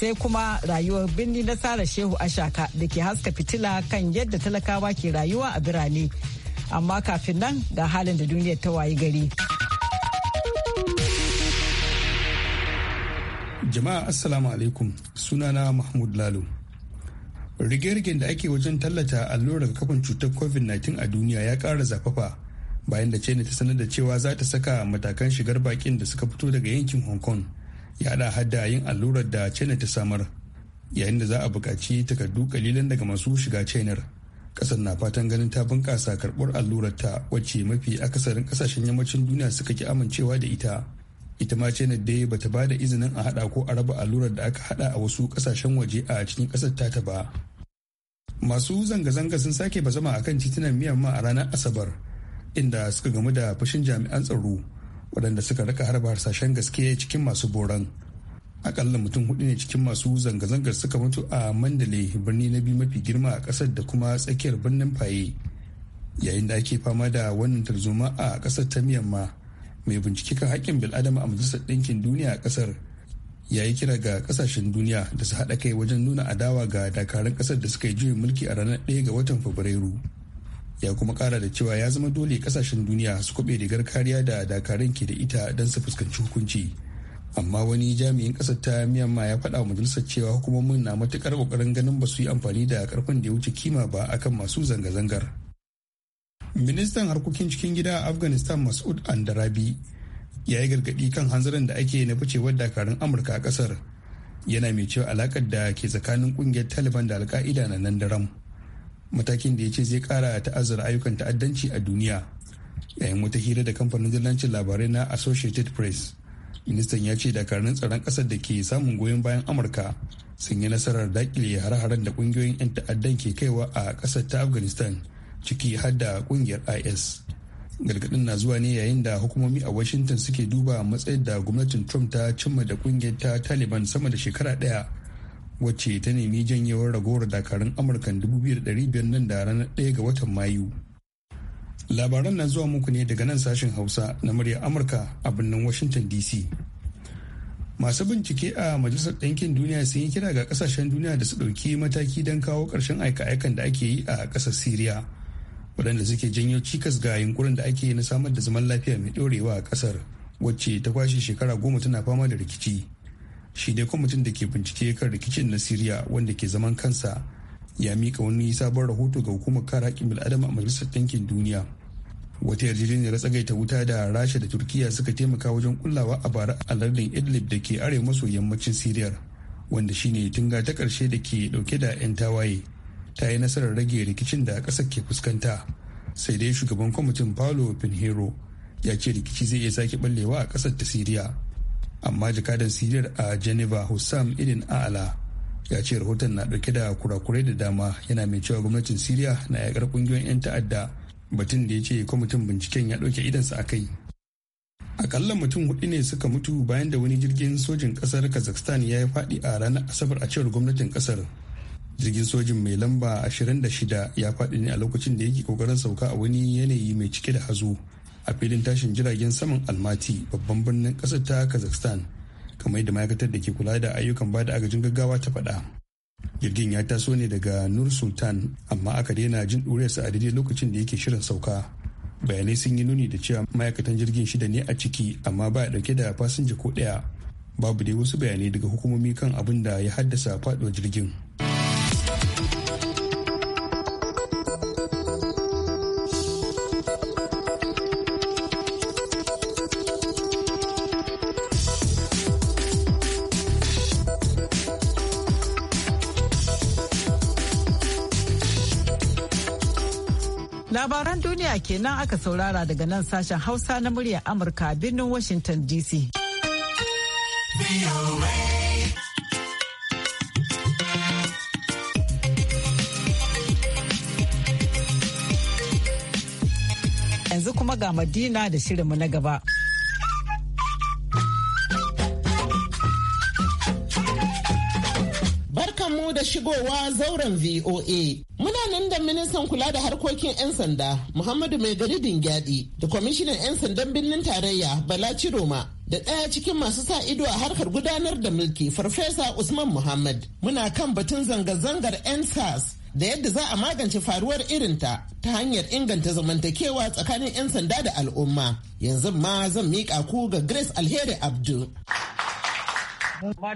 sai kuma rayuwar birni na Sara Shehu Ashaka da ke haska fitila kan yadda talakawa ke rayuwa a birane. Amma kafin nan ga halin da duniyar ta wayi gari. Jama'a Assalamu alaikum sunana Mahmud Lalo. Rige-rigen da ake wajen tallata allurar kafin cutar COVID-19 a duniya ya kara zafafa bayan da China ta sanar da cewa za ta saka matakan shigar bakin da suka fito daga yankin Hong Kong. ya haɗa hada yin allurar da china ta samar yayin da za a buƙaci takardu kalilan daga masu shiga chinar ƙasar na fatan ganin ta bunƙasa karɓar allurar ta wacce mafi akasarin ƙasashen yammacin duniya suka ki amincewa da ita ita ma china dai bata ba da izinin a haɗa ko a raba allurar da aka haɗa a wasu ƙasashen waje a cikin ƙasar ta ba masu zanga-zanga sun sake bazama akan titunan miyamma a ranar asabar inda suka gamu da fashin jami'an tsaro waɗanda suka raka harba harsashen gaske cikin masu boran akalla mutum hudu ne cikin masu zanga-zangar suka mutu a mandale birni na biyu mafi girma a ƙasar da kuma tsakiyar birnin faye yayin da ake fama da wannan tarzoma a ƙasar ta miyamma mai bincike kan haƙƙin bil'adama a majalisar ɗinkin duniya a ƙasar ya yi kira ga ƙasashen duniya da su haɗa kai wajen nuna adawa ga dakarun ƙasar da suka yi juyin mulki a ranar 1 ga watan fabrairu ya kuma kara da cewa ya zama dole kasashen duniya su kwaɓe rigar kariya da dakarun ke da ita don su fuskanci hukunci amma wani jami'in kasar ta miyamma ya faɗa wa majalisar cewa hukumomin na matukar kokarin ganin ba su yi amfani da karfin da ya wuce kima ba akan masu zanga-zangar ministan harkokin cikin gida a afghanistan masud andarabi ya yi gargaɗi kan hanzarin da ake na ficewar dakarun amurka a ƙasar yana mai cewa alakar da ke tsakanin ƙungiyar taliban da alka'ida na nan daram matakin da ya ce zai kara ta'azzara ayyukan ta'addanci a duniya yayin wata hira da kamfanin dillancin labarai na associated press ministan ya ce dakarun tsaron ƙasar da ke samun goyon bayan amurka sun yi nasarar dakile har-haren da ƙungiyoyin 'yan ta'addan ke kaiwa a ƙasar ta afghanistan ciki har da ƙungiyar is gargaɗin na zuwa ne yayin da hukumomi a washington suke duba matsayin da gwamnatin trump ta cimma da ƙungiyar ta taliban sama da shekara ɗaya wacce ta nemi janyewar ragowar dakarun amurka 2,500 nan da ranar 1 ga watan mayu labaran na zuwa muku ne daga nan sashen hausa na murya amurka a birnin washington dc masu bincike a majalisar ɗinkin duniya sun yi kira ga ƙasashen duniya da su ɗauki mataki don kawo ƙarshen aika-aikan da ake yi a ƙasar siriya waɗanda suke janyo cikas ga yunkurin da ake yi na samar da zaman lafiya mai ɗorewa a ƙasar wacce ta kwashe shekara goma tana fama da rikici shi dai kwamitin da ke bincike kan rikicin na siriya wanda ke zaman kansa ya mika wani sabon rahoto ga hukumar kare haƙƙin bil'adam a majalisar ɗinkin duniya wata yarjejeniyar tsagaita wuta da rasha da turkiya suka taimaka wajen kullawa a bara a lardin idlib da ke arewa maso yammacin siriyar wanda shine tunga ta karshe da ke dauke da 'yan tawaye ta yi nasarar rage rikicin da ƙasar ke fuskanta sai dai shugaban kwamitin paulo pinheiro ya ce rikici zai iya sake ballewa a ƙasar ta siriya amma jakadan siriyar a geneva hussam idin a'ala ya ce rahoton na dauke da kurakurai da dama yana mai cewa gwamnatin siriya na yakar kungiyoyin 'yan ta'adda batun da ya ce kwamitin binciken ya dauke idansa a kai akalla mutum hudu ne suka mutu bayan da wani jirgin sojin kasar kazakhstan ya yi fadi a ranar asabar a cewar gwamnatin kasar jirgin sojin mai lamba 26 ya faɗi ne a lokacin da yake kokarin sauka a wani yanayi mai cike da hazo a filin tashin jiragen saman almati babban birnin kasar ta kazakhstan kamar yadda ma'aikatar da ke kula da ayyukan bada agajin gaggawa ta faɗa jirgin ya taso ne daga nur sultan amma aka daina jin ɗuriyarsa a daidai lokacin da yake shirin sauka bayanai sun yi nuni da cewa ma'aikatan jirgin shida ne a ciki amma ba ɗauke da fasinja ko ɗaya babu dai wasu bayanai daga hukumomi kan abin da ya haddasa faɗuwar jirgin. Labaran duniya kenan aka saurara daga nan sashen Hausa na muryar Amurka birnin Washington DC. Yanzu kuma ga Madina da shirinmu na gaba. Barkanmu da shigowa zauren VOA. Wakilin ministan kula da harkokin 'yan sanda Muhammadu Mai Gari Dingyadi da kwamishinan 'yan sandan birnin tarayya Bala Ciroma da ɗaya cikin masu sa ido a harkar gudanar da mulki Farfesa Usman Muhammad. Muna kan batun zanga-zangar 'yan SARS da yadda za a magance faruwar irinta ta hanyar inganta zamantakewa tsakanin 'yan sanda da al'umma. Yanzu ma zan miƙa ku ga Grace Alheri Abdul.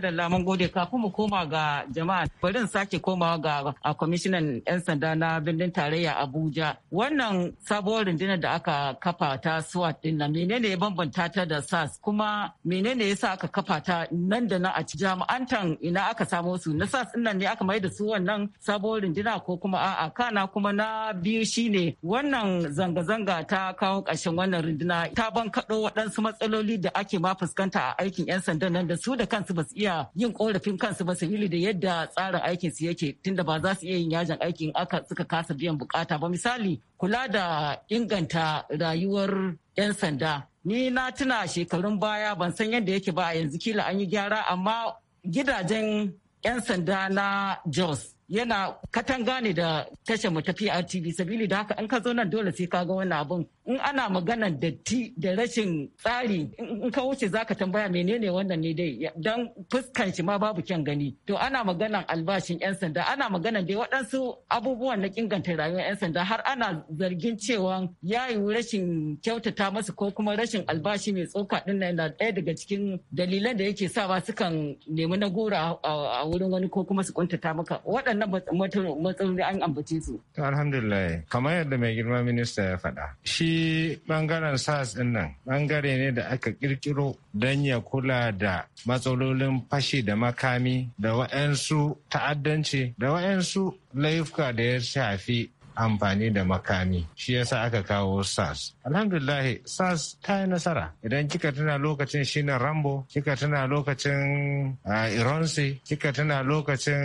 da laman gode kafin mu koma ga jama'a bari sake komawa ga a kwamishinan 'yan sanda na birnin tarayya Abuja. Wannan sabuwar rundina da aka kafa ta SWAT din menene ya bambanta ta da SAS kuma menene ya sa aka kafa ta nan da na a jami'antan ina aka samo su na SAS din ne aka mai da su wannan sabuwar runduna ko kuma a'a kana kuma na biyu shine wannan zanga-zanga ta kawo ƙarshen wannan runduna ta ban bankaɗo waɗansu matsaloli da ake ma fuskanta a aikin 'yan sanda nan da su da kansu ba su iya yin korafin kansu ba sabili da yadda tsarin aikin su yake tunda ba za su iya yin yajin aikin aka suka kasa biyan bukata ba misali kula da inganta rayuwar 'yan sanda ni na tuna shekarun baya ban san yadda yake ba yanzu kila an yi gyara amma gidajen 'yan sanda na jos yana katanga ne da tashar mu ta PRTV sabili da haka an ka zo nan dole sai ka ga wannan abun in ana maganar datti da rashin tsari in ka wuce zaka tambaya menene wannan ne dai don fuskan shi ma babu kyan gani to ana maganar albashin yan sanda ana maganar dai waɗansu abubuwan na inganta rayuwar yan sanda har ana zargin cewa ya yi rashin kyautata masu ko kuma rashin albashi mai tsoka din na ɗaya daga cikin dalilan da yake sa sawa sukan nemi na gora a wurin wani ko kuma su kuntata maka waɗannan matsaloli an ambace su. alhamdulillah kamar yadda mai girma minista ya faɗa shi bangaren sars din nan bangare ne da aka kirkiro don ya kula da matsalolin fashi da makami da waɗansu ta'addanci da wa'yansu laifuka da ya shafi amfani da makami shi yasa aka kawo sars alhamdulillah sars ta yi nasara idan kika tuna lokacin shine rambo kika tuna lokacin ironsi kika tuna lokacin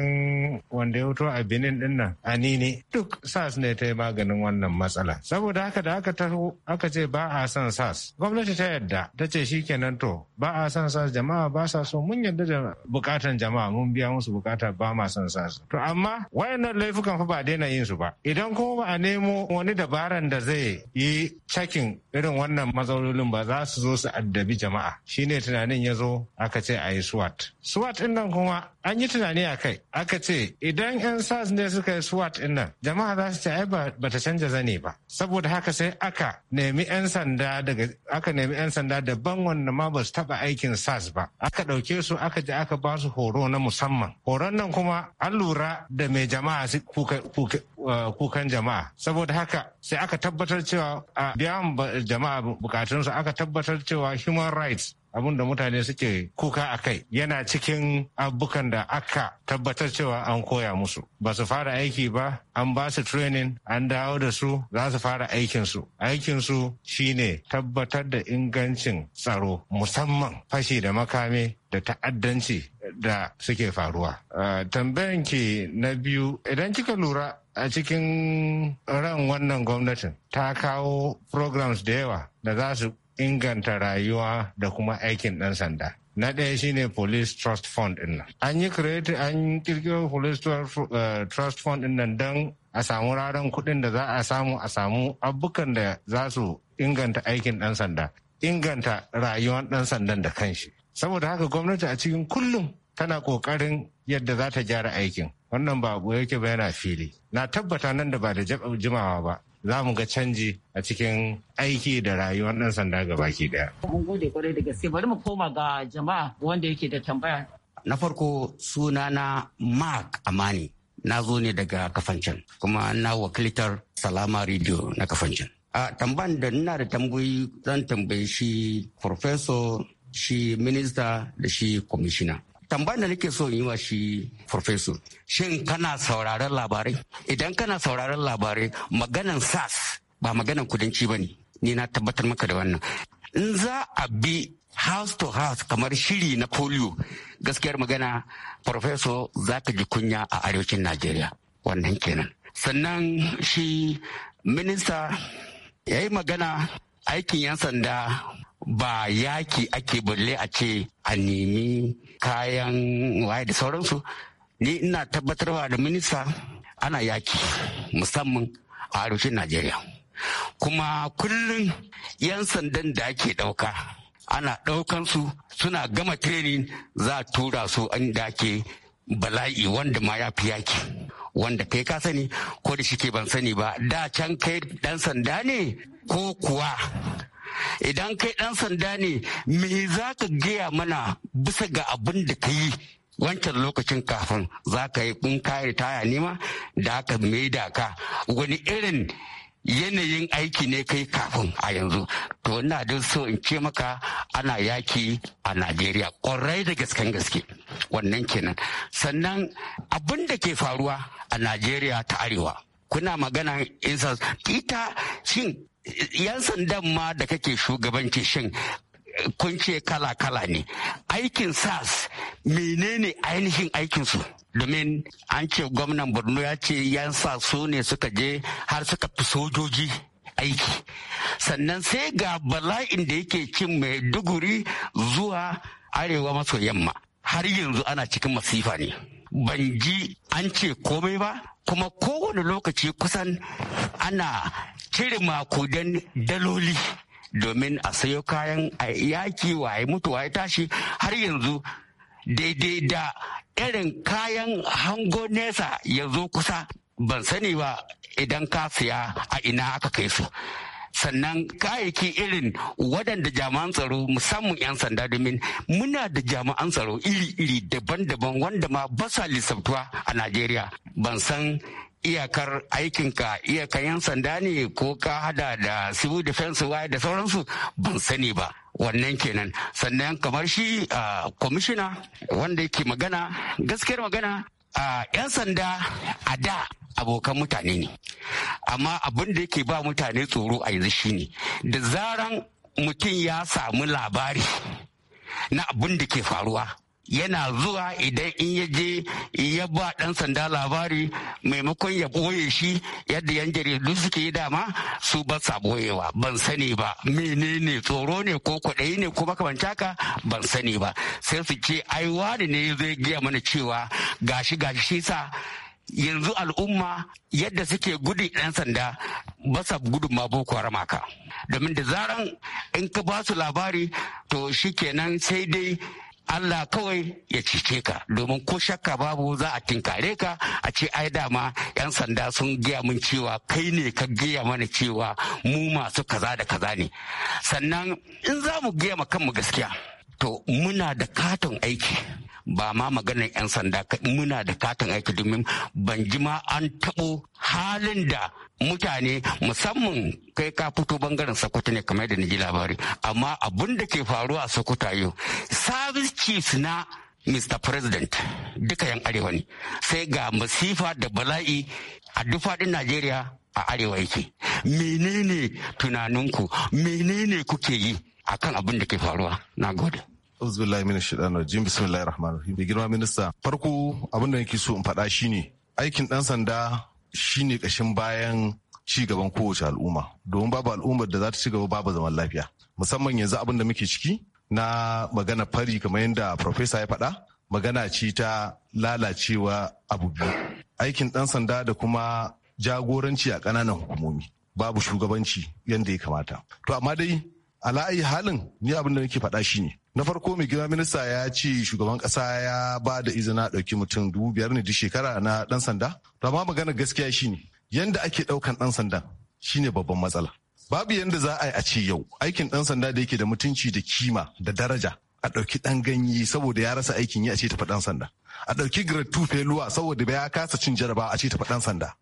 wanda ya wuto a benin din nan nini duk sars ne ta yi maganin wannan matsala saboda haka da aka taho aka ce ba a son sars gwamnati ta yadda ta ce shi kenan to ba a son sars jama'a ba sa so mun yadda da bukatan jama'a mun biya musu bukata ba ma son sars to amma wayannan laifukan fa ba daina yin su ba idan koma a nemo wani dabaran da zai yi cakin irin wannan matsalolin ba za su zo su addabi jama'a shine tunanin ya zo aka ce a yi swat swat ɗin nan kuma an yi tunani a kai aka ce idan 'yan sas ne suka yi swat din nan jama'a za su ce ai ba ta canja zane ba saboda haka sai aka nemi 'yan sanda daga aka nemi 'yan sanda daban wanda ma ba su taba aikin sas ba aka ɗauke su aka je aka ba su horo na musamman horon nan kuma an lura da mai jama'a uh, kukan jama'a saboda haka sai aka tabbatar cewa a biyan jama'a bukatunsu aka tabbatar cewa human rights abin da mutane suke kuka a kai yana cikin abubukan da aka tabbatar cewa an koya musu ba su fara aiki ba an ba su training an dawo da su za su fara aikinsu aikinsu shine tabbatar da ingancin tsaro musamman fashi da makami da ta'addanci da suke faruwa tambayan ki na biyu idan kika lura a cikin ran wannan gwamnatin ta kawo programs da yawa da za su inganta rayuwa da kuma aikin ɗan sanda. Na ɗaya shine Police Trust Fund ɗin nan. An yi creative an ƙirƙiro Police eh, Trust Fund ɗin nan don a samu raran kuɗin da za a samu a samu abubukan da za su inganta aikin ɗan sanda, inganta rayuwar ɗan sandan da kanshi. Saboda haka gwamnati a cikin kullum tana ƙoƙarin yadda za ta gyara aikin. Wannan ba yake ba yana fili. Na tabbata nan da ba da jimawa ba. za mu ga canji a cikin aiki da rayuwar ɗan sanda ga baki ɗaya. Mun gode kwarai da gaske bari mu koma ga jama'a wanda yake da tambaya. Na farko sunana Mark Amani na zo ne daga kafancin kuma na wakilitar Salama Radio na kafancin. A tamban da nuna da tambayi zan tambayi shi Professor shi minista da shi kwamishina. tambayar da nake so in yi wa shi professor shin kana sauraron labarai idan kana sauraron labarai maganan sas ba maganan kudanci ba ne ni na tabbatar maka da wannan in za a bi house to house kamar shiri na polio gaskiyar magana professor za ka ji kunya a arewacin najeriya wannan kenan sannan shi minista ya yi magana aikin 'yan sanda ba yaki ake balle a ce a nemi kayan waye da sauransu ni ina tabbatarwa da minista ana yaki musamman a arewacin najeriya kuma kullum 'yan sandan da ake ɗauka ana su suna gama training za a tura su inda ke bala'i wanda ma ya fi yaki wanda kai ka sani ko da shi ke ban sani ba da can kai ɗan sanda ne ko kuwa idan kai ɗan sanda ne me za ka gaya mana bisa ga abin da ka yi wancan lokacin kafin za ka yi kun kare taya nema da aka da ka wani irin yanayin aiki ne kai kafin a yanzu to ina da so in ce maka ana yaki a najeriya kwarai da gasken gaske wannan kenan sannan abin da ke faruwa a najeriya ta arewa kuna magana insa ita shin yan sandan ma da kake shugabanci shin kun ce kala-kala ne aikin sas menene ainihin aikinsu domin an ce gwamnan borno ya ce yan su ne suka je har suka fi sojoji aiki sannan sai ga bala'in da yake cin mai duguri zuwa arewa maso yamma har yanzu ana cikin masifa ne ban ji an ce komai ba kuma kowane lokaci kusan ana cire makudan daloli domin a sayo kayan a yaki waye mutu waye tashi har yanzu daidai da irin kayan hango nesa ya zo kusa ban sani ba idan ka siya a ina aka kai su sannan kayayyaki irin waɗanda jami'an tsaro musamman 'yan sanda domin muna da jami'an tsaro iri-iri daban-daban wanda ma ba sa lissabtuwa a najeriya ban san iyakar aikinka iyakar yan sanda ne ko ka hada da civil defense waye da sauransu ban sani ba wannan kenan sannan kamar shi kwamishina wanda yake magana gaskiyar magana a 'yan sanda a da abokan mutane ne amma abin da yake ba mutane tsoro a yanzu shi ne, da zaran mutum ya samu labari na abin da ke faruwa yana zuwa idan in ya je ya ba ɗan sanda labari maimakon ya ɓoye shi yadda yan jaridu suke yi dama su ba sa ɓoyewa ban sani ba menene tsoro ne ko kwaɗayi ne ko makamanci haka ban sani ba sai su ce ai wani ne zai gaya mana cewa gashi gashi shi sa yanzu al'umma yadda suke gudun ɗan sanda ba sa gudun ma boko haram haka domin da zaran in ka ba su labari to shi shikenan sai dai Allah kawai ya cice ka domin ko shakka babu za a tinkare ka a ce ai dama 'yan sanda sun giya mun cewa kai ne ka giya mana cewa mu masu kaza da kaza ne sannan in za mu giya ma kanmu gaskiya to muna da katon aiki ba ma maganar 'yan sanda muna da katin aiki domin ban jima an taɓo halin da mutane musamman kai ka fito bangaren sokoto ne kamar da na ji labari amma abin da ke faruwa a sokoto yau service chief na Mr. President duka yan arewa ne sai ga masifa da bala'i a duk Najeriya a arewa yake. Menene tunaninku, menene kuke yi akan abin da ke faruwa? Na gode. Uzbillahi min shaitan rajim bismillahir rahmanir rahim. Bi girma minista farko abin da nake so in faɗa shine aikin dan sanda shine ƙashin bayan ci gaban kowace al'umma domin babu al'ummar da za ta ci gaba babu zaman lafiya musamman yanzu abin da muke ciki na magana fari kamar yadda profesa ya faɗa magana ce ta lalacewa abu biyu aikin dan sanda da kuma jagoranci a ƙananan hukumomi babu shugabanci yadda ya kamata to amma dai ala'ayi halin ni abin da nake faɗa shine na farko mai gida minista ya ce shugaban kasa ya ba da izina ɗauki mutum dubu biyar ne duk shekara na ɗan sanda to amma maganar gaskiya shine yanda ake ɗaukan ɗan sandan shine babban matsala babu yanda za a yi a ce yau aikin ɗan sanda da yake da mutunci da kima da daraja a ɗauki ɗan ganye saboda ya rasa aikin yi a ce tafi ɗan sanda a ɗauki grade two failure saboda ya kasa cin jaraba a ce tafi ɗan sanda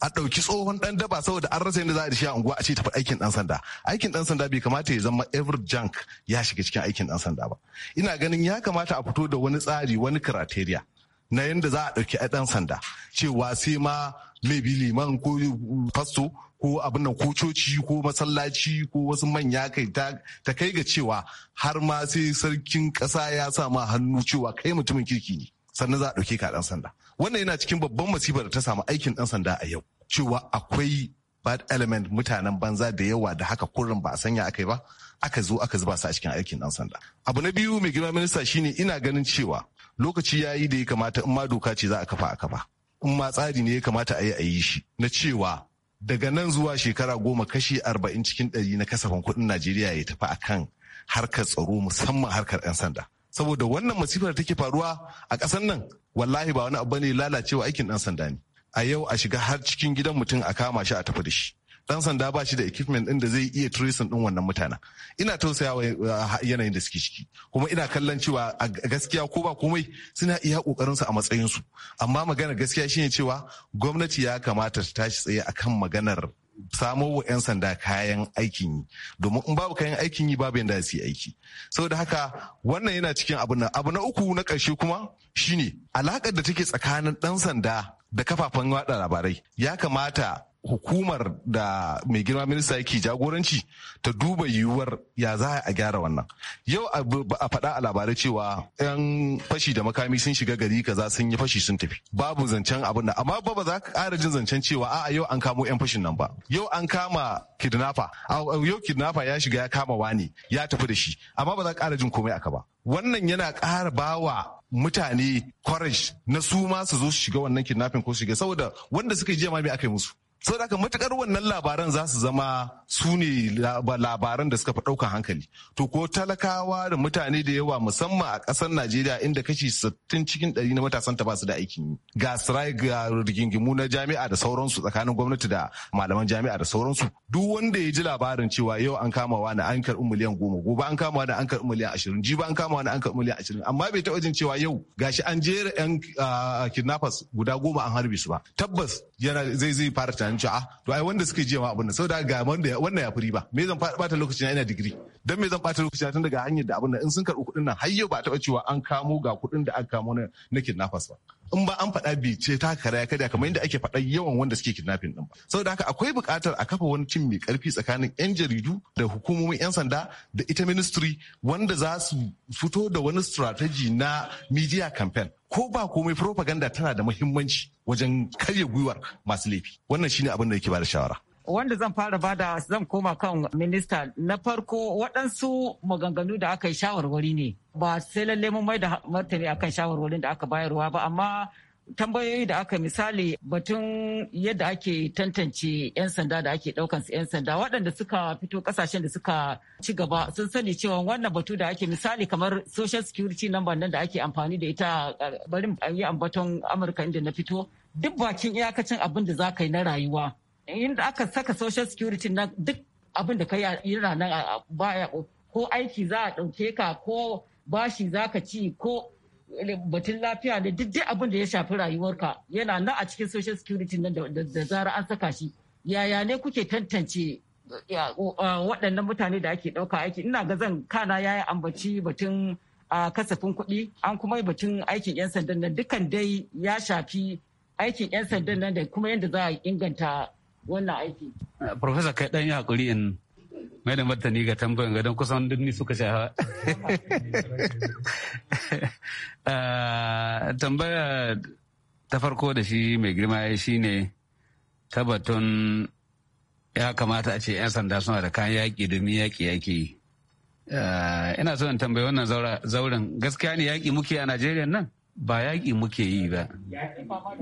a ɗauki tsohon ɗan daba saboda an rasa yadda za a shi a unguwa a ce tafi aikin ɗan sanda aikin ɗan sanda bai kamata ya zama every junk ya shiga cikin aikin ɗan sanda ba ina ganin ya kamata a fito da wani tsari wani criteria na yadda za a ɗauki ɗan sanda cewa sai ma maybe liman ko fasto ko abin nan ko coci ko masallaci ko wasu manya kai ta kai ga cewa har ma sai sarkin ƙasa ya sa ma hannu cewa kai mutumin kirki ne sannan za a ɗauke ka ɗan sanda wannan yana cikin babban masifar da ta samu aikin ɗan sanda a yau cewa akwai bad element mutanen banza da yawa da haka kurin ba a sanya aka yi ba aka zo aka zuba su a cikin aikin ɗan sanda abu na biyu mai girma minista shine ina ganin cewa lokaci ya yi da ya kamata in ma doka ce za a kafa a kafa in ma tsari ne ya kamata a yi a yi shi na cewa daga nan zuwa shekara goma kashi arba'in cikin ɗari na kasafin kuɗin najeriya ya tafi akan harkar tsaro musamman harkar 'yan sanda saboda wannan masifar take faruwa a ƙasar nan wallahi ba wani abu ne lalacewa aikin dan sanda ne a yau a shiga har cikin gidan mutum a kama shi a tafi da shi dan sanda ba shi da equipment din da zai iya tracing din wannan mutana. ina tausayawa ah, yanayin da suke ciki kuma ina kallon cewa a gaskiya ko ba komai suna iya kokarin su a matsayin su amma maganar gaskiya shine cewa gwamnati ya kamata ta tashi tsaye akan maganar samo wa 'yan sanda kayan aikin yi domin in babu kayan aikin yi babu yadda su yi aiki saboda haka wannan yana cikin abu na abu na uku na ƙarshe kuma shine alakar da take tsakanin ɗan sanda da kafafen watsa labarai ya kamata hukumar da mai girma minista yake jagoranci ta duba yiwuwar ya za a gyara wannan yau a faɗa a labarai cewa 'yan fashi da makami sun shiga gari kaza sun yi fashi sun tafi babu zancen abin nan amma ba za ka ƙara jin zancen cewa a yau an kamo 'yan fashin nan ba yau an kama kidnapper yau kidnapper ya shiga ya kama wani ya tafi da shi amma ba za ka ƙara jin komai aka ba wannan yana ƙara bawa mutane courage na su ma su zo su shiga wannan kidnapping ko su shiga saboda wanda suka yi jiya ma me aka yi musu saboda haka matukar wannan labaran za su zama su ne labaran da suka fi ɗaukar hankali to ko talakawa da mutane da yawa musamman a ƙasar najeriya inda kashi sittin cikin ɗari na matasan ta ba su da aikin yi ga sirai ga rigingimu na jami'a da sauransu tsakanin gwamnati da malaman jami'a da sauransu duk wanda ya ji labarin cewa yau an kama wani an karɓi miliyan goma gobe an kama wani an karɓi miliyan ashirin jiba an kama wani an karɓi miliyan ashirin amma bai taɓa jin cewa yau gashi an jera yan ah, kidnappers guda goma an harbe su ba tabbas yana zai zai fara tunanin in ci a to ai wanda suka je ma abin nan saboda ga wanda wannan ya fi ba me zan bata lokaci na ina digiri dan me zan bata lokaci na tun daga hanyar da abin nan in sun karbi kuɗin nan hayyo ba taba cewa an kamo ga kuɗin da aka kamo na kidnappers ba in ba an faɗa bi ce ta karaya kada kamar yadda ake faɗa yawan wanda suke kidnapping din ba saboda haka akwai buƙatar a kafa wani cin mai karfi tsakanin 'yan jaridu da hukumomin 'yan sanda da ita ministry wanda za su fito da wani strategy na media campaign ko ba komai propaganda tana da muhimmanci wajen karya gwiwar masu laifi wannan shine abin da yake bada shawara wanda zan fara bada zan koma kan minista na farko waɗansu maganganu da aka yi shawarwari ne ba sai lalle mun mai da martani akan shawarwarin da aka bayarwa ba amma tambayoyi da aka misali batun yadda ake tantance 'yan sanda da ake daukan su 'yan sanda waɗanda suka fito kasashen da suka ci gaba sun sani cewa wannan batu da ake misali kamar social security number nan da ake amfani da ita bari yi ambaton amurka inda na fito duk bakin iyakacin abin da za ka yi na rayuwa inda aka saka social security na duk abin da ka yi yana ko aiki za a ɗauke ka ko bashi za ka ci ko batun lafiya ne duk dai abin da ya shafi rayuwarka yana nan a cikin social security nan da zara an saka shi yaya ne kuke tantance waɗannan mutane da ake ɗauka aiki ina ga zan kana ya yi ambaci batun kasafin kuɗi an kuma yi batun aikin 'yan sandan nan dukkan dai ya shafi aikin 'yan sandan nan da kuma yadda za a inganta wannan aiki. Profesa kai ɗan yi haƙuri in mai da martani ga tambayan gadon kusan duk ni suka shafa ah, tambaya ta farko da shi mai girma ya shi ne tabbatun ya kamata a ce 'yan sanda suna da kayan yaƙi domin yaƙi yaƙi ah, ina so in tambayi wannan zauren gaskiya ne yaƙi muke a najeriya nan ba yaƙi muke yi ba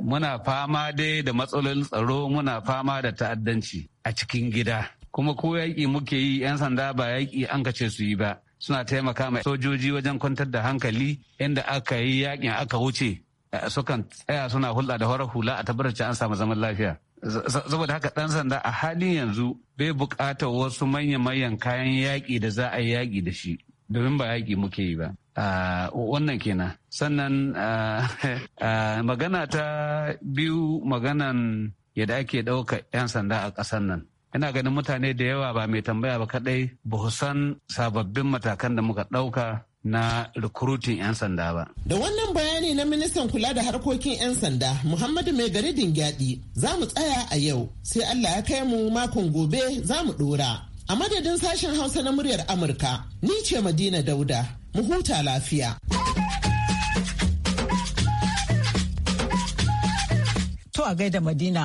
muna fama dai da matsalolin tsaro muna fama da ta'addanci a cikin gida kuma ko yaƙi muke yi 'yan sanda ba yaƙi an kace su yi ba suna taimaka ma sojoji wajen kwantar da hankali inda aka yi yaƙin aka wuce eh, sukan tsaya suna hulɗa da horar hula a tabbatar an samu zaman lafiya saboda haka ɗan sanda a halin yanzu bai buƙatar wasu manya-manyan kayan yaƙi da za a yi yaƙi da shi domin ba yaƙi muke yi ba ah, wannan kenan sannan ah, ah, magana ta biyu maganan yadda ake ɗaukar 'yan sanda a ƙasar nan ina ganin mutane da yawa ba mai tambaya ba kadai ba san sababbin matakan da muka ɗauka na rikrutin 'yan sanda ba. Da wannan bayani na ministan kula da harkokin 'yan sanda Muhammadu Mai gari Dingyadi za mu tsaya a yau sai Allah ya kai mu makon gobe za mu ɗora. A madadin sashen Hausa na muryar Amurka, ni ce Madina Dauda, mu huta lafiya. To a gaida Madina.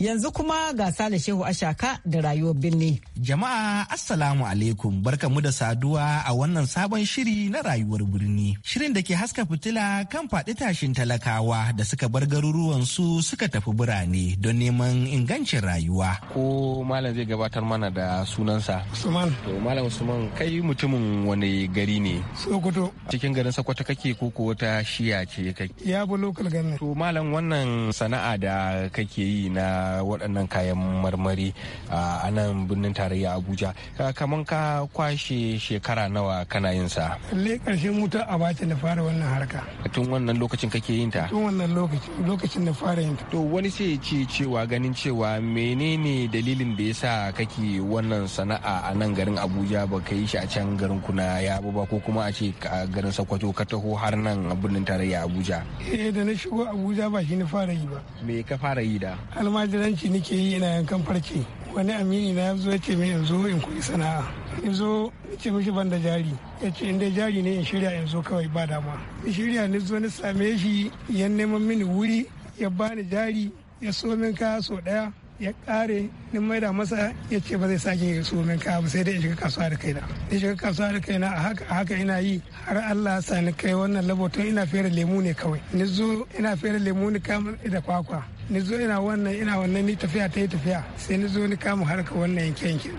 Yanzu kuma ga Sale Shehu Ashaka da rayuwar birni. Jama'a Assalamu alaikum barkamu da saduwa a wannan sabon shiri na rayuwar birni. Shirin da ke haska fitila kan faɗi tashin talakawa da suka bar garuruwan su suka tafi birane don neman ingancin rayuwa. Ko malam zai gabatar mana da sunansa. Usman. To malam Usman kai mutumin wani gari ne? Sokoto. Cikin garin Sokoto kake ko ko wata shiya ce kake? Ya bu local government. To malam wannan sana'a da kake yi na waɗannan kayan marmari a nan birnin tarayya abuja kamar ka kwashe shekara nawa kana yin sa le karshen wuta a bata na fara wannan harka tun wannan lokacin kake yin ta tun wannan lokacin lokacin na fara yin ta to wani sai ce cewa ganin cewa menene dalilin da yasa kake wannan sana'a a nan garin abuja ba ka yi shi a can garin na ya ba ko kuma a ce garin sokoto ka taho har nan birnin tarayya abuja eh da na shigo abuja ba shi na fara yi ba me ka fara yi da almajir freelanci nake yi ina yankan farce wani amini na zo ya ce min yanzu in koyi sana'a in zo ce mishi ban da jari ya ce in dai jari ne in shirya yanzu kawai ba dama in shirya ni zo na same shi yan neman mini wuri ya bani jari ya so min kaya sau daya ya kare ni maida masa ya ce ba zai sake su min kaya ba sai dai in shiga kasuwa da kaina in shiga kasuwa da kaina a haka a haka ina yi har Allah ya sani kai wannan laboton ina fere lemu ne kawai ni zo ina fere lemu ni kama da kwakwa ni zo ina wannan ina wannan ni tafiya ta yi tafiya sai ni zo ni kama ka wannan yanke yanke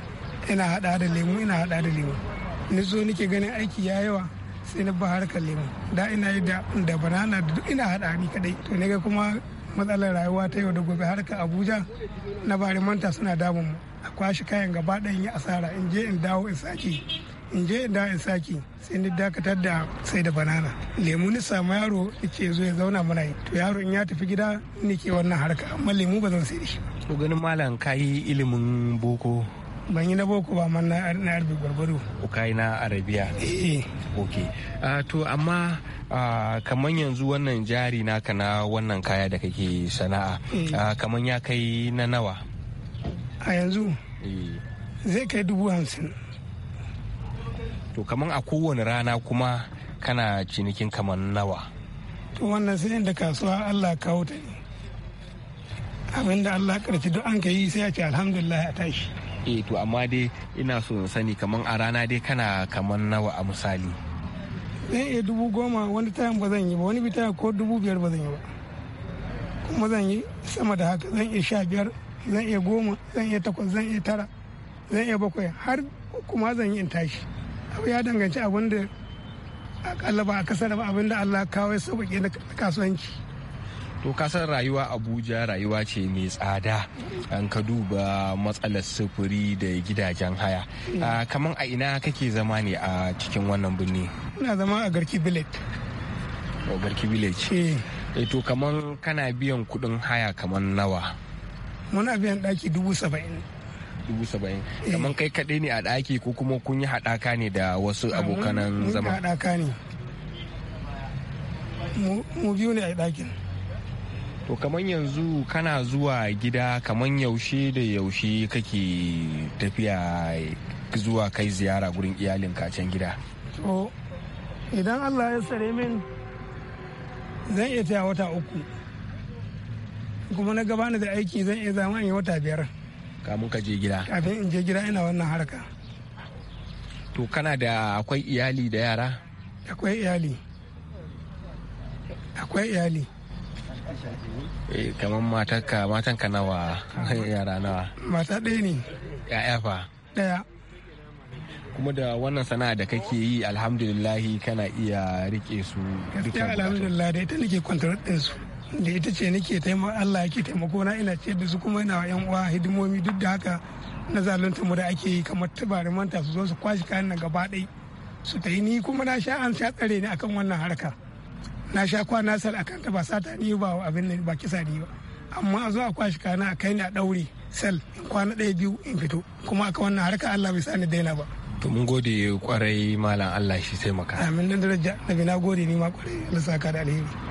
ina hada da lemu ina hada da lemu ni zo nike ganin aiki ya yawa sai na ba harkar lemu da ina yi da banana da duk ina hada ni kadai to ne kuma matsalar rayuwa ta yau da gobe harka abuja na bari manta suna damun mu a kwashi kayan gaba ɗayan yi asara in je in dawo in sake in je in dawo in sake sai ni dakatar da sai da banana lemu ni samu yaro ke zo ya zauna mana yi to yaro in ya tafi gida ni ke wannan harka amma lemu ba zan sai da shi ganin malam yi ilimin boko ban yi na boko ba man na arabi gwargwaro ka yi na arabiya eh ok to amma kamar yanzu wannan jari naka na wannan kaya da kake sana'a eh. kamar ya kai na nawa a yanzu eh. zai kai dubu hamsin to kamar a kowane rana kuma kana cinikin kamar nawa to wannan sai da kasuwa allah kawo ta ne abinda allah karci duk an ka yi sai a ce alhamdulillah a tashi eh to amma dai ina so sani kaman a rana dai kana kaman nawa a misali zan iya dubu goma wani tayan ba zan yi ba wani bitayan ko dubu biyar ba zan yi ba kuma zan yi sama da haka zan iya sha biyar zan iya goma zan iya takwas zan iya tara zan iya bakwai har kuma zan yi in tashi abu ya danganci abin da akalla ba a kasar ba abin da allah kawai sauƙi na kasuwanci to kasar rayuwa abuja rayuwa ce mai tsada an ka duba matsalar sufuri da gidajen haya mm. kamar a ina kake zama ne a cikin wannan birni ina zama a garki village A oh, garki village eh, eh to kamar kana biyan kudin haya kaman nawa muna biyan daki dubu saba'in dubu saba'in eh. kaman kai kaɗai ne a daki ko kuma kun yi haɗaka ne da wasu abokanan zama mu biyu ne a dakin to kamar yanzu kana zuwa gida kamar yaushe da yaushe kake tafiya zuwa kai ziyara gurin iyalin kacen gida to idan allah ya sare min zan iya taya wata uku kuma na gabana da aiki zan iya zama in yi wata biyar kamun ka je gida kafin in je gida ina wannan harka to kana da akwai iyali da yara akwai iyali akwai iyali Eh, kamar matarka ka nawa yara nawa mata ɗaya ne ya'ya fa ɗaya kuma da wannan sana'a da kake yi alhamdulillahi kana iya rike su gaskiya alhamdulillah da ita nake kwantar din su da ita ce nake taimako Allah yake taimako na ina ce da su kuma ina wa yan uwa hidimomi duk da haka na zalunta mu da ake yi kamar tabarin manta su zo su kwashi kayan na gaba ɗaya su ta yi ni kuma na sha an sha tsare ni akan wannan harka na sha kwana sal a kanta ba sata ni ba abin da ba kisa ni ba amma a zo a kwashi kana a kai ni a daure sal in kwana ɗaya biyu in fito kuma aka wannan harka Allah bai ni daina ba to mun gode kwarai malam Allah shi taimaka amin da daraja nabi na gode ni ma kwarai Allah saka da alheri